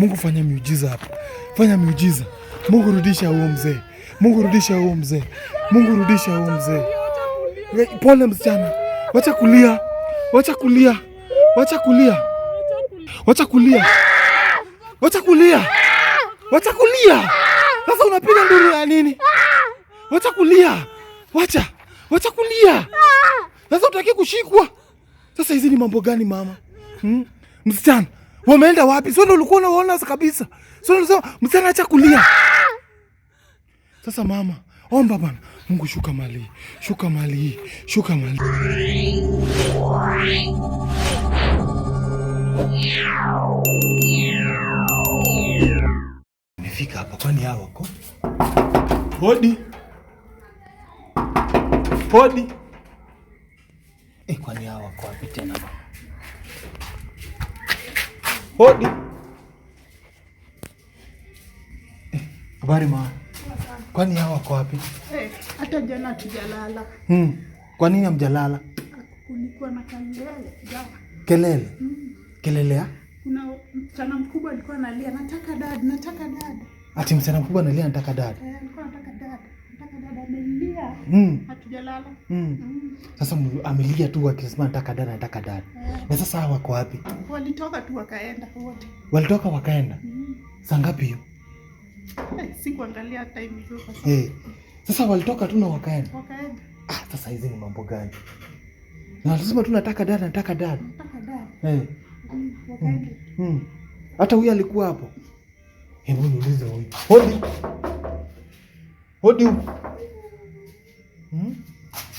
Mungu fanya miujiza hapa, fanya miujiza Mungu, rudisha huo mzee Mungu, rudisha huo mzee Mungu, rudisha huo mzee. Pole msichana, wacha kulia, wacha kulia, wacha kulia, wacha kulia, wacha kulia, wacha kulia. Sasa unapiga nduru ya nini? Wacha kulia, wacha, wacha kulia. Sasa utaki kushikwa. Sasa hizi ni mambo gani mama? Hmm? Msichana Wameenda wapi? Sio ulikuwa unaona kabisa. Sio unasema msichana acha kulia. Sasa mama, omba bana. Mungu shuka mali. Shuka mali. Shuka mali. Nifika hapa kwani hawa wako? Hodi. Hodi. Eh, kwani hawa wako wapi tena? Hodi. Habari eh, ma. Kwani hawa wako wapi? Eh, hata jana tujalala. Hmm. Kwa nini hamjalala? Kulikuwa na kelele jana. Kelele? Hmm. Kelele ya? Kuna msichana mkubwa alikuwa analia, nataka dad, nataka dad. Ati msichana mkubwa analia, nataka dad. Eh, alikuwa anataka dad. Hmm. Hmm. Hmm. Sasa amelia tu akisema nataka dada nataka dada eh. Na sasa hawa wako wapi? Walitoka tu wakaenda wote. Walitoka wakaenda mm. Saa ngapi hiyo? Hey, eh, sikuangalia time hiyo kwa sababu. Eh. Sasa walitoka tu na wakaenda, wakaenda. Ah, sasa hizi ni mambo gani? Na lazima tu nataka dada nataka dada Nataka dada. Eh. Mm. Hata huyu alikuwa hapo, hebu niulize huyu. Hodi hodi huku hmm?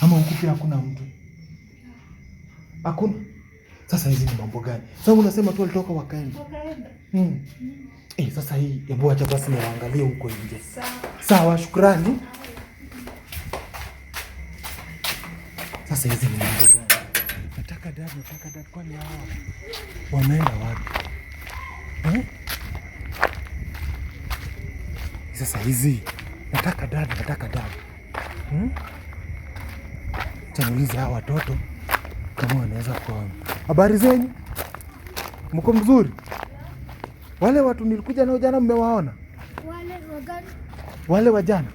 ama huku pia hakuna mtu, hakuna. Sasa hizi ni mambo gani? Sasa unasema tu walitoka wakaenda, wakaenda. Hmm. E, sasa hii hebu acha basi niwaangalie huko nje. Sawa, shukrani. Sasa hizi ni mambo gani? Nataka dad, nataka dad, kwani hao wameenda wapi eh? Sasa hizi nataka dada, nataka dada. Hmm? Chanulize hawa watoto kama wanaweza kuona. Habari zenyu, mko mzuri? Wale watu nilikuja nao jana, mmewaona wale wa jana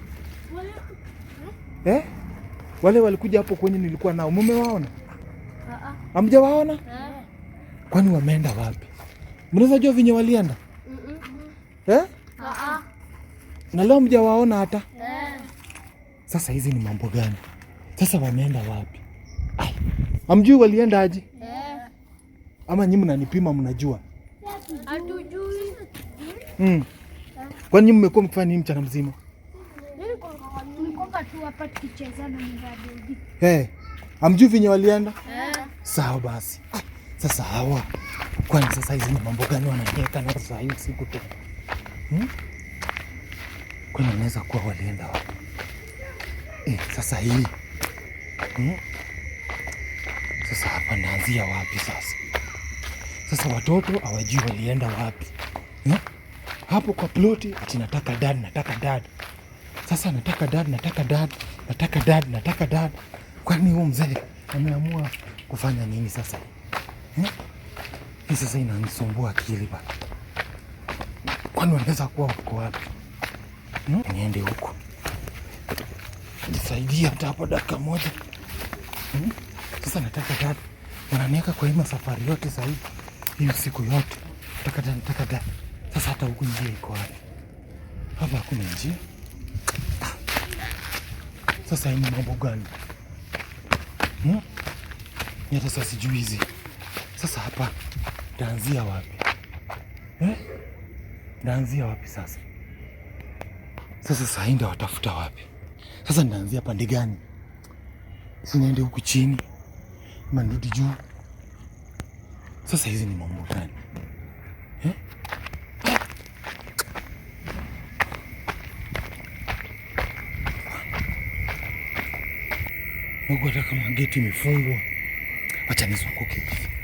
wale... Eh? wale walikuja hapo kwenye nilikuwa nao, mmewaona? Hamjawaona? Eh. Kwani wameenda wapi? Mnaweza jua vinye walienda? Eh? na leo mjawaona hata sasa. Hizi ni mambo gani sasa? Wameenda wapi? amjui walienda aje? Ama nyi mnanipima, mnajua? Hatujui. Mm. Kwani nyi mmekuwa mkifanya nini mchana mzima? Hey, amjui vinye walienda? Eh. Sawa basi. Ah, sasa hawa kwani sasa hizi ni mambo gani wananieka na sasa hii siku tu hmm? kwani wanaweza kuwa walienda wa e, eh, sasa hii hmm? Sasa hapa naanzia wapi sasa? Sasa watoto hawajui walienda wapi hmm? Hapo kwa ploti ati nataka dad, nataka dad. Sasa nataka dad, nataka dad, nataka dad, nataka dad. Kwani huu mzee ameamua kufanya nini sasa hmm? Hii sasa inanisumbua akili bana, kwani wanaweza kuwa wako wapi? hmm? Niende huko nisaidie hata hapo dakika moja hmm? Sasa nataka gari wananiweka kwa hii safari yote sahii, hii siku yote nataka gari, nataka gari. Sasa hata huku njia iko wapi? Hapa hakuna njia. Sasa hii ni mambo gani hmm? Ni hata sasa sijui hizi sasa hapa ndaanzia wapi eh? Hmm? Taanzia wapi sasa? Sasa saa hii ndawatafuta wapi? Sasa ninaanzia pande gani? Si niende huku chini mandudi juu? Sasa hizi ni mambo gani eh? Nakuwa hata kama geti imefungwa, acha nizunguke hivi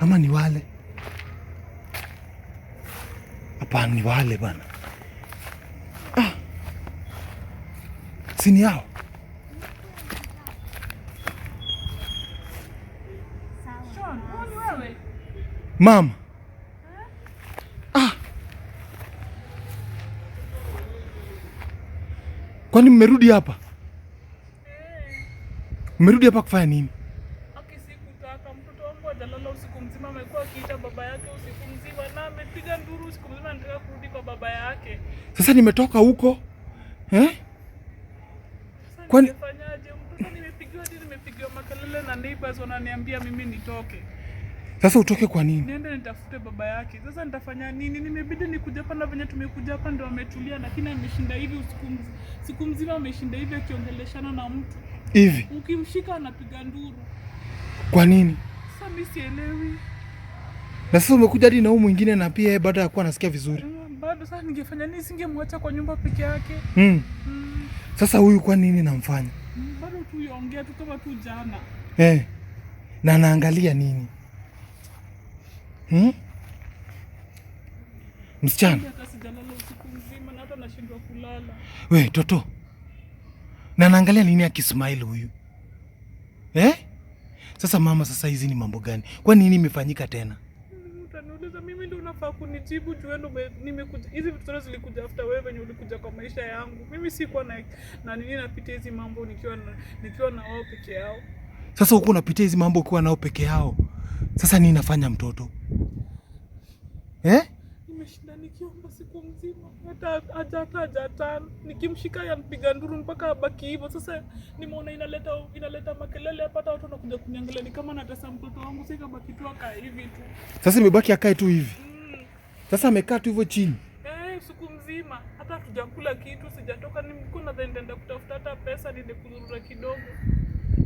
ama ni wale? Hapana, ni wale bana. Ah, sini yao mama ah. Kwani mmerudi hapa? Eh. Mmerudi hapa kufanya nini? baba yake usiku mzima na amepiga nduru usiku mzima kurudi kwa baba yake. Sasa nimetoka huko eh? Kwani nifanyaje? Mtoto nimepigiwa hadi nimepigiwa makelele na neighbors wananiambia mimi nitoke. Sasa utoke kwa nini? Niende nitafute baba yake. Sasa nitafanya nini? Nimebidi nikuja hapa na venye tumekuja hapa ndio ametulia, lakini ameshinda hivi usiku mzima. Siku mzima ameshinda hivi akiongeleshana na mtu. Hivi. Ukimshika anapiga nduru. Kwa nini? Sasa mimi sielewi. Na sasa umekuja hadi na huyu mwingine na pia yeye baada ya kuwa anasikia vizuri. Mm, bado sasa ningefanya nini? Singemwacha kwa nyumba peke yake. Mm. Mm. Sasa huyu kwa nini namfanya? Mm, bado tu yaongea tu kama tu jana. Eh. Na anaangalia nini? Hmm? Msichana. We, toto. Na anaangalia nini akismile huyu? Eh? Sasa mama, sasa hizi ni mambo gani? Kwa nini imefanyika tena? unaniuliza mimi ndio unafaa kunijibu juu wewe nimekuja. Hizi vitu zote zilikuja after wewe venye ulikuja kwa maisha yangu. Mimi sikuwa na na nini, napitia hizi mambo nikiwa na, nikiwa na wao peke yao. Sasa huko unapitia hizi mambo ukiwa nao peke yao. Sasa nini nafanya mtoto eh? nimeshinda nikiomba siku mzima, hata hata hata tano, nikimshika yanpiga nduru mpaka abaki hivyo. Sasa nimeona inaleta inaleta makelele hapa, hata watu wanakuja kuniangalia ni kama natesa mtoto wangu, sasa kabaki tu akaa hivi tu. Sasa imebaki akae tu hivi mm. Sasa amekaa tu hivyo chini eh, siku mzima, hata hatujakula kitu, sijatoka, Nilikuwa na nenda kutafuta hata pesa nende kuzurura kidogo,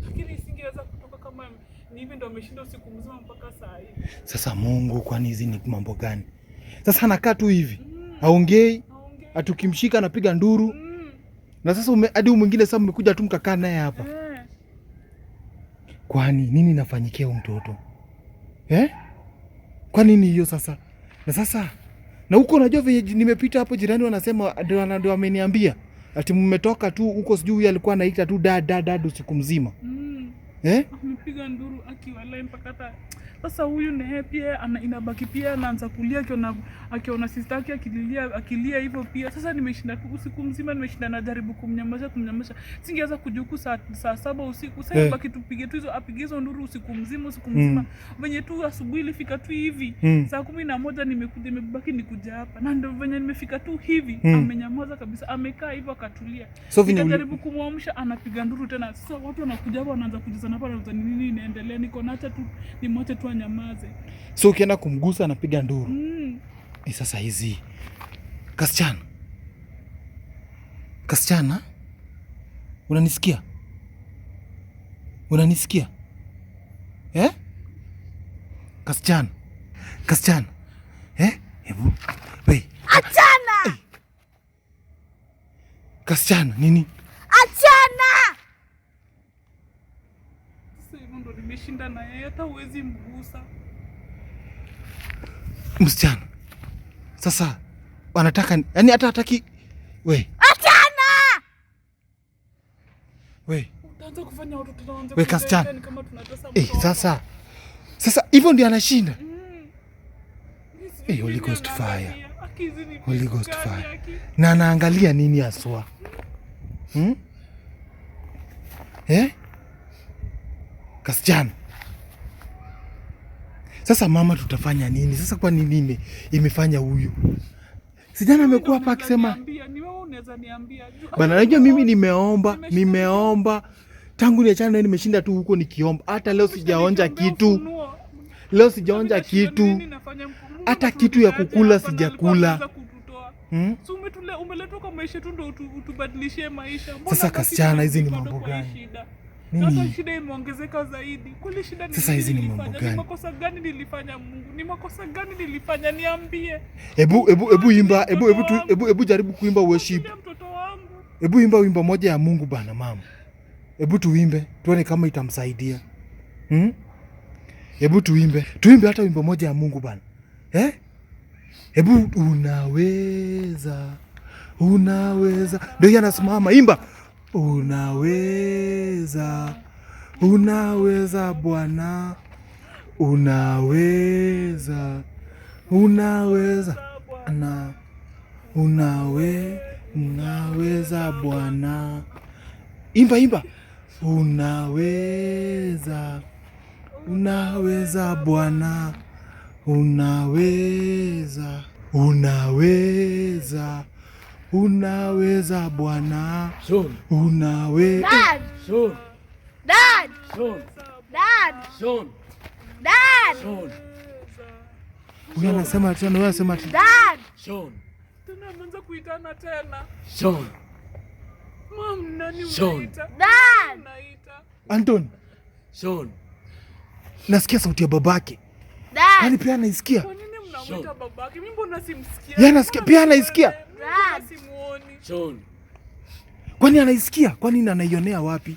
lakini isingeweza kutoka kama ni hivi, ndo ameshinda usiku mzima mpaka saa hii. Sasa Mungu, kwani hizi ni mambo gani? Sasa anakaa tu hivi aongei atukimshika anapiga nduru. Na sasa hadi mwingine sasa mmekuja tu mkakaa naye hapa, kwani nini nafanyikia huyu mtoto eh? Kwa nini hiyo sasa? Na sasa na huko unajua venye nimepita hapo, jirani wanasema ndio ameniambia ati mmetoka tu huko, sijui huyu alikuwa anaita tu dad dad dad usiku mzima mm. eh? Sasa huyu naye pia ana, inabaki pia anaanza kulia akiona akiona sister yake akililia akilia hivyo pia. Sasa nimeshinda usiku mzima nimeshinda na jaribu kumnyamaza kumnyamaza. Singeweza kujuku saa saa saba usiku. Sasa yeah. Eh. Tupige tu hizo apige hizo nduru usiku mzima usiku mzima. Mm. Venye tu asubuhi ilifika tu hivi. Mm. Saa kumi na moja nimekuja nimebaki nikuja hapa. Na ndio venye nimefika tu hivi. Mm. Amenyamaza kabisa. Amekaa hivyo akatulia. So vinyo jaribu kumwamsha anapiga nduru tena. Sasa watu wanakuja hapa wanaanza kujizana hapa wanaanza nini inaendelea. Niko nacha tu ni moja tu anyamaze. So ukienda kumgusa anapiga nduru mm. Ni sasa hizi kasichana, kasichana, unanisikia? Unanisikia eh? Kasichana, kasichana, eh? Hebu we achana, kasichana nini, achana ndo nimeshinda na yeye, hata huwezi mgusa msichana. Sasa anataka yani, hata hataki we, achana we, utaanza kufanya watu, tunaanza we kasichana eh. Sasa sasa hivyo ndio anashinda mm. eh, Holy Ghost fire. Holy Ghost fire. Na anaangalia nini aswa? Hmm? Eh? Kasichana. Sasa mama, tutafanya nini sasa? Kwa nini ime, imefanya huyu sijana amekuwa hapa akisema bana, najua mimi nimeomba nimeomba tangu niachane, nimeshinda tu huko nikiomba. Hata leo sijaonja kitu, leo sijaonja kitu, hata kitu ya kukula sijakula. Hmm? Sasa kasichana, hizi ni mambo gani? Sasa shida imeongezeka zaidi. Kweli shida ni sasa, hizi ni mambo gani? Ni makosa gani nilifanya Mungu? Ni makosa gani nilifanya niambie? Hebu hebu hebu imba, hebu hebu tu hebu hebu jaribu kuimba worship. Mtoto wangu. Hebu imba wimbo moja ya Mungu bana mama. Hebu tuimbe, tuone kama itamsaidia. Hmm? Hebu tuimbe. Tuimbe hata wimbo moja ya Mungu bana. Eh? Hebu unaweza. Unaweza. Ndio yanasimama imba. Unaweza, unaweza Bwana, unaweza, unaweza na unawe, unaweza Bwana. Imba, imba, unaweza, unaweza Bwana, unaweza, unaweza Unaweza bwana, unaweza. Huyu anasema tena, wewe unasema tena. Dad. Tena mnaanza kuitana tena. Son. Mom, nani unaita? Dad. Anton. Son. Nasikia sauti ya babake. Dad. Yaani pia anaisikia. Kwa nini mnamwita babake? Mimi mbona simsikia? Yeye anasikia, pia anaisikia. John. Kwani anaisikia? Kwani anaionea wapi?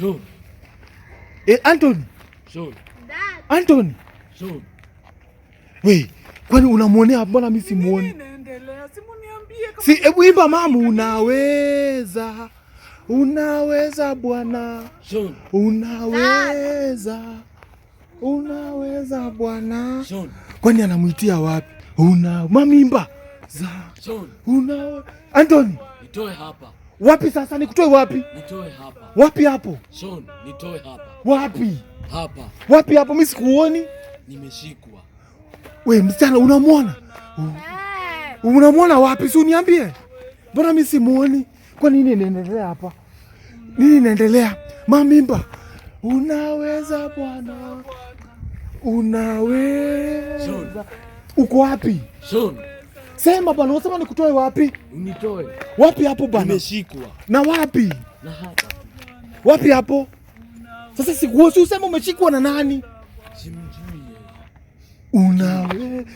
John. Eh, Anton. John. Dad. Anton. John. Wewe, kwani unamwonea mbona mimi simuoni? Si hebu imba mamu, unaweza. Unaweza Bwana. John. Unaweza. Unaweza Bwana. John. Kwani anamwitia wapi? Una mami imba za John. Anthony, nitoe hapa. Wapi sasa nikutoe wapi? Nitoe hapa. Wapi hapo? John, nitoe hapa. Wapi? Hapa. Wapi hapo? Mimi sikuoni. Nimeshikwa. We msichana unamwona? Unamwona wapi? Si uniambie. Mbona mimi simuoni? Kwa nini inaendelea hapa? Nini inaendelea? Mamimba. Unaweza bwana. Unaweza. Uko wapi? John. Sema bwana, unasema nikutoe wapi? Unitoe. Wapi hapo bwana? Nimeshikwa. Na wapi? Na hapa. Wapi hapo? Sasa si kuhusu usema umeshikwa na nani? Simjui. Unawe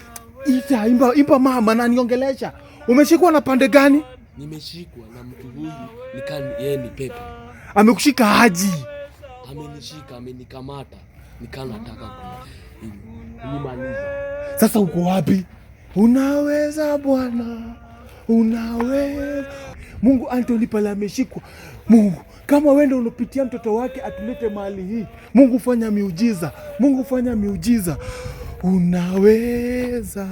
ita imba, imba mama na niongelesha. Umeshikwa na pande gani? Nimeshikwa na mtu huyu nikani yeye ni pepe. Amekushika aji. Amenishika, amenikamata. Nikana nataka kumaliza. Sasa uko wapi? Unaweza Bwana, unaweza Mungu. antoni pale ameshikwa. Mungu, kama ndio unapitia mtoto wake atulete mahali hii, Mungu fanya miujiza, Mungu fanya miujiza. Unaweza,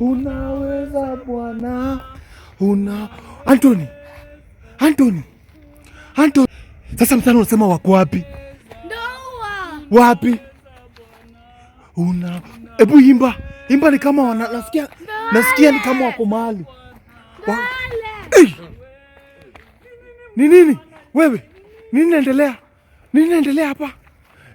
unaweza Bwana, una Anthony, Anthony, Anthony. Sasa msana unasema wako wapi? Ndoa wapi? una Ebu imba imba, ni kama wana, nasikia, nasikia ni kama wako mahali wa... hey! ni nini wewe? Nini naendelea? Nini naendelea hapa?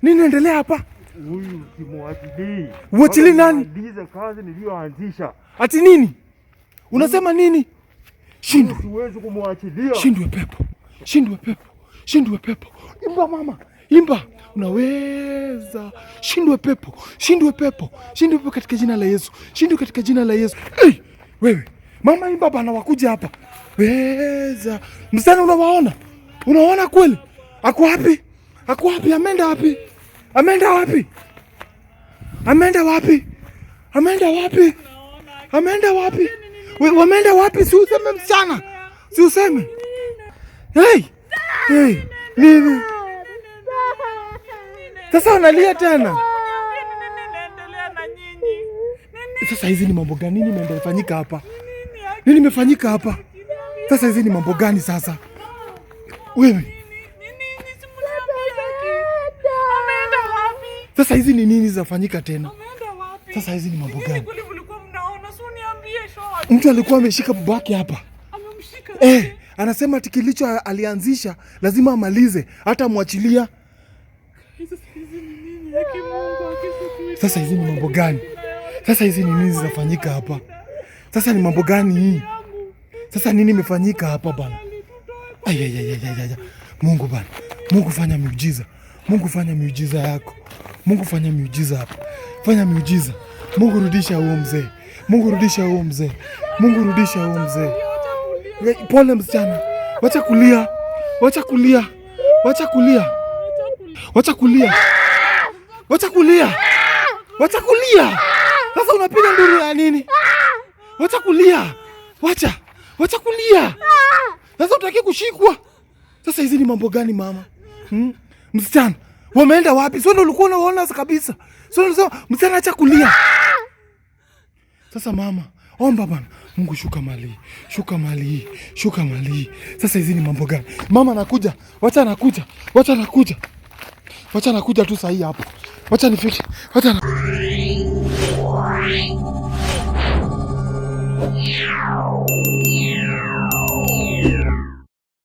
Nini naendelea hapa? Huyu simwatilii. Uwatilii nani? Ndize kazi niliyoanzisha. Ati nini? Unasema nini? Shindwe. Siwezi kumwachilia. Shindwe pepo. Shindwe pepo. Shindwe pepo. Imba mama. Imba, unaweza. Shindwe pepo, shindwe pepo, shindwe pepo katika jina la Yesu, shindwe katika jina la Yesu. Hey, wewe mama, imba bana, wakuja hapa weza. msana unawaona? Unaona kweli? Ako wapi? Ako wapi? Ameenda wapi? Ameenda wapi? Ameenda wapi? Ameenda wapi? Ameenda wapi? Wameenda wapi? Si useme msichana, si useme. Hey, hey, nini sasa analia tena. Sasa hizi ni mambo gani? Nini imeenda hapa? Nini imefanyika hapa? Sasa hizi ni mambo gani sasa? Wewe. Sasa hizi ni nini zafanyika tena? Sasa hizi ni mambo gani? Mtu alikuwa ameshika babake hapa. Eh, anasema tikilicho alianzisha lazima amalize, hata mwachilia Sasa hizi ni mambo gani? Sasa hizi ni nini zinafanyika hapa? Sasa ni mambo gani hii? Sasa nini imefanyika hapa bana? Ayayayayaya, Mungu bana, Mungu fanya miujiza, Mungu fanya miujiza yako, Mungu fanya miujiza hapa, fanya miujiza Mungu, rudisha huo mzee, Mungu rudisha huo mzee, Mungu rudisha huo mzee. Pole msichana, wacha kulia, wacha kulia, wacha kulia, wacha kulia, wacha kulia. Wacha kulia. Sasa unapiga nduru ya nini? Wacha kulia. Wacha. Wacha kulia. Sasa utaki kushikwa. Sasa hizi ni mambo gani mama? Hmm? Msichana, wameenda wapi? Sio ulikuwa unaona kabisa. Sio sema msichana acha kulia. Sasa mama, omba bana. Mungu shuka mali. Shuka mali. Shuka mali. Sasa hizi ni mambo gani? Mama anakuja. Wacha anakuja. Wacha anakuja. Wacha anakuja tu sahi hapo. Wacha nifike, wacha na Meow.